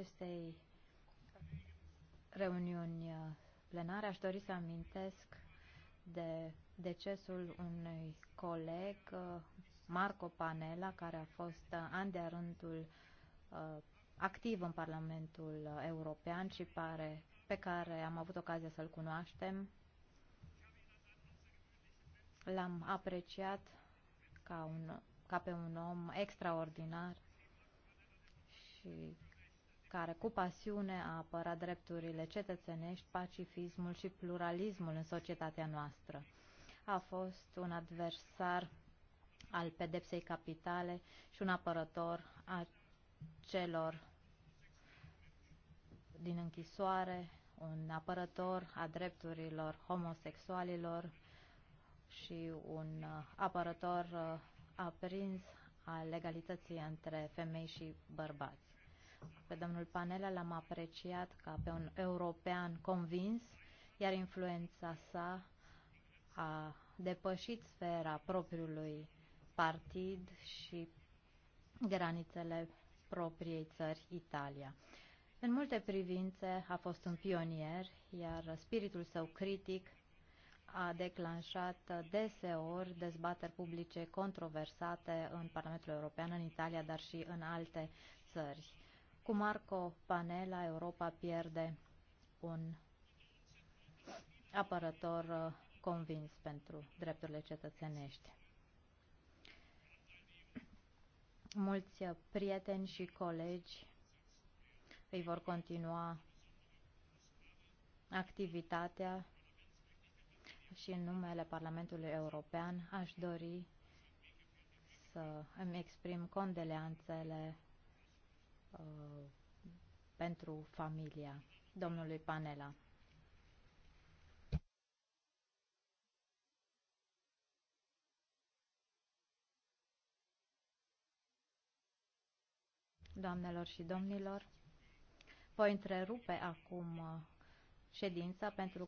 acestei reuniuni uh, plenare aș dori să amintesc de decesul unui coleg, uh, Marco Panela, care a fost uh, an de rândul activ în Parlamentul European și pare, pe care am avut ocazia să-l cunoaștem. L-am apreciat ca, un, ca pe un om extraordinar și care cu pasiune a apărat drepturile cetățenești, pacifismul și pluralismul în societatea noastră. A fost un adversar al pedepsei capitale și un apărător a celor din închisoare, un apărător a drepturilor homosexualilor și un uh, apărător uh, aprins al legalității între femei și bărbați. Pe domnul Panela l-am apreciat ca pe un european convins, iar influența sa a depășit sfera propriului partid și granițele propriei țări, Italia. În multe privințe a fost un pionier, iar spiritul său critic a declanșat deseori dezbateri publice controversate în Parlamentul European, în Italia, dar și în alte țări. Cu Marco Panela, Europa pierde un apărător uh, convins pentru drepturile cetățenești. Mulți uh, prieteni și colegi îi vor continua activitatea și în numele Parlamentului European aș dori să îmi exprim condeleanțele Uh, pentru familia domnului Panela. Doamnelor și domnilor, voi întrerupe acum uh, ședința pentru